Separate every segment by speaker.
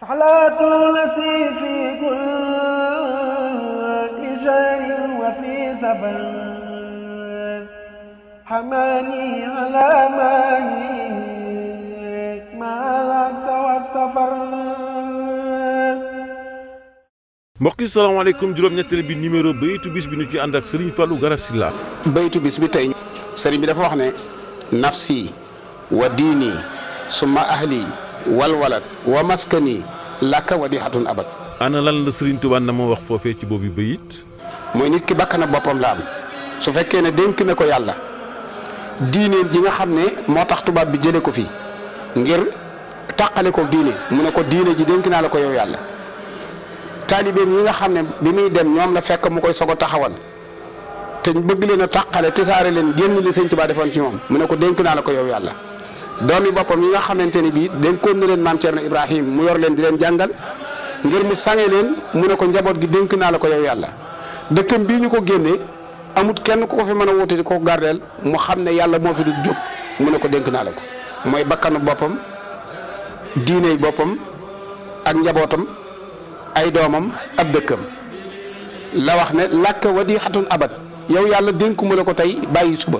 Speaker 1: صلاة النسي في كل شهر وفي سفر حماني على ماني مع العبس والسفر
Speaker 2: mbokk yi salaamaaleykum juróom-ñetteel bi numéro baytu bis bi ñu ci ànd ak Serigne Fallou Galass Sylla baytu bis bi tey sëriñ bi dafa wax ne nafsi wa diini summa ahli walwalat wa maska maskani làkka wadixatun abad ana lan la Serigne Touba na ma wax foofee ci bopp boobu bayit mooy nit ki bakkan ak boppam la am su fekkee ne dénk na ko yàlla diineen ji nga xam ne moo tax tubaab bi jële ko fi ngir tàqale ko diine mu ne ko ji dénk naa la ko yow yàlla taalibeem yi nga xam ne bi muy dem ñoom la fekk mu koy soog a taxawal te bëgg leen a tàqale tisaare leen génn li sëñ Tuubaa defoon ci moom mu ne ko dénk naa la ko yow yàlla doomi boppam yi nga xamante ni bii dénkoon na leen maam Thierno Ibrahim mu yor leen di leen jàngal ngir mu sange leen mu ne ko njaboot gi dénk naa la ko yow yàlla dëkkam bii ñu ko génnee amut kenn ku ko fi mën a woote di ko gardeel mu xam ne yàlla moo fi du jóg mu ne ko dénk naa la ko mooy bakkanu boppam diiney boppam ak njabootam ay doomam ab dëkkam la wax ne làkk di xatun abat yow yàlla dénku ma la ko tey bàyyi suba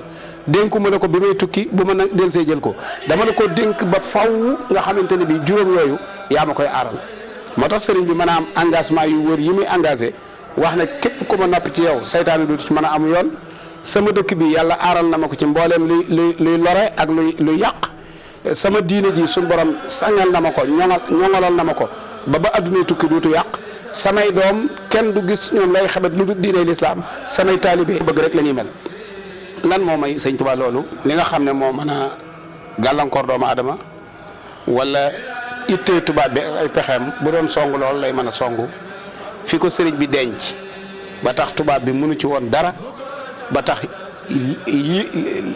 Speaker 2: dénku mu ne ko bi may tukki bu ma del see jël ko dama la ko dénk ba faw nga xamante ne bi juróom yooyu yaa ma koy aaral moo tax sëriñ bi mën a am engagement yu wër yi muy engagé wax na képp ku ma napp ci yow seytaane du ci mën a am yoon sama dëkk bi yàlla aaral na ma ko ci mbooleem luy luy luy lore ak luy luy yàq sama diine ji suñu borom sangal na ma ko ñoŋal ñoŋalal na ma ko ba ba adduna tukki duutu yàq samay doom kenn du gis ñoom lay xabat lu dul diine lislaam samay taalibe bëgg rek la ñuy mel lan mo may sëñ Tuubaa loolu li nga xamne mo meuna galankor a ma, wala ite touba be ay pexem bu doon songu lolou lay meuna songu fiko fi ko bi denj ba tax touba bi munu ci won dara ba tax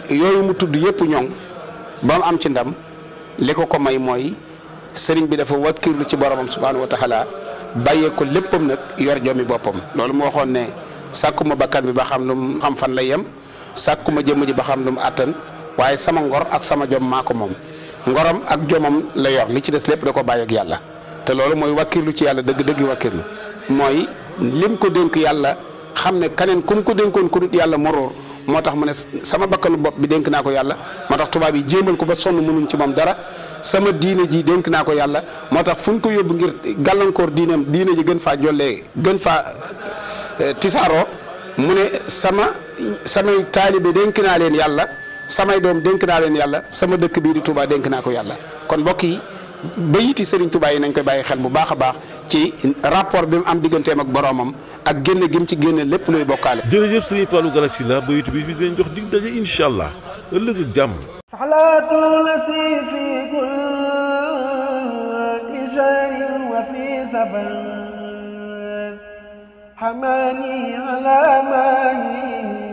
Speaker 2: yoyu mu tuddu yep ñong ba mu am ci ndam li ko ko may moy seigne bi dafa wakkirlu ci borom subhanahu wa taala baye ko leppam nak yor jomi bopam lolou mo xone sakuma bakkan bi ba xam lu xam fan lay yam sàkkuma jëmm ji ba xam lu mu àttan waaye sama ngor ak sama jom maa ko moom ngorom ak jomam la yor li ci des lépp da ko bàyyi ak yàlla te loolu mooy wàkkirlu ci yàlla dëgg dëgg wàkkirlu mooy lim ko dénk yàlla xam ne keneen ku ko dénkoon ku yàlla moroor moo tax mu ne sama bakkanu bopp bi dénk naa ko yàlla moo tax tubaab yi jéemal ko ba sonn mënuñ ci moom dara sama diine ji dénk naa ko yàlla moo tax fu ñu ko yóbbu ngir gàllankoor diinam diine ji gën faa jollee gën faa eh, tisaaroo mu ne sama samay taalibe dénk naa leen yàlla samay doom dénk naa leen yàlla sama dëkk bii di Touba dénk naa ko yàlla kon mbokk yi bayiti Serigne Touba yi nañ koy bàyyi xel bu baax a baax ci rapport bi mu am digganteem ak boromam ak génne gim ci génne lépp luy bokkaale. jërëjëf Serigne Fallou Galassi la bayitu bi dinañ jox dig daje incha allah ëllëg ak jàmm.
Speaker 1: حماني على ماني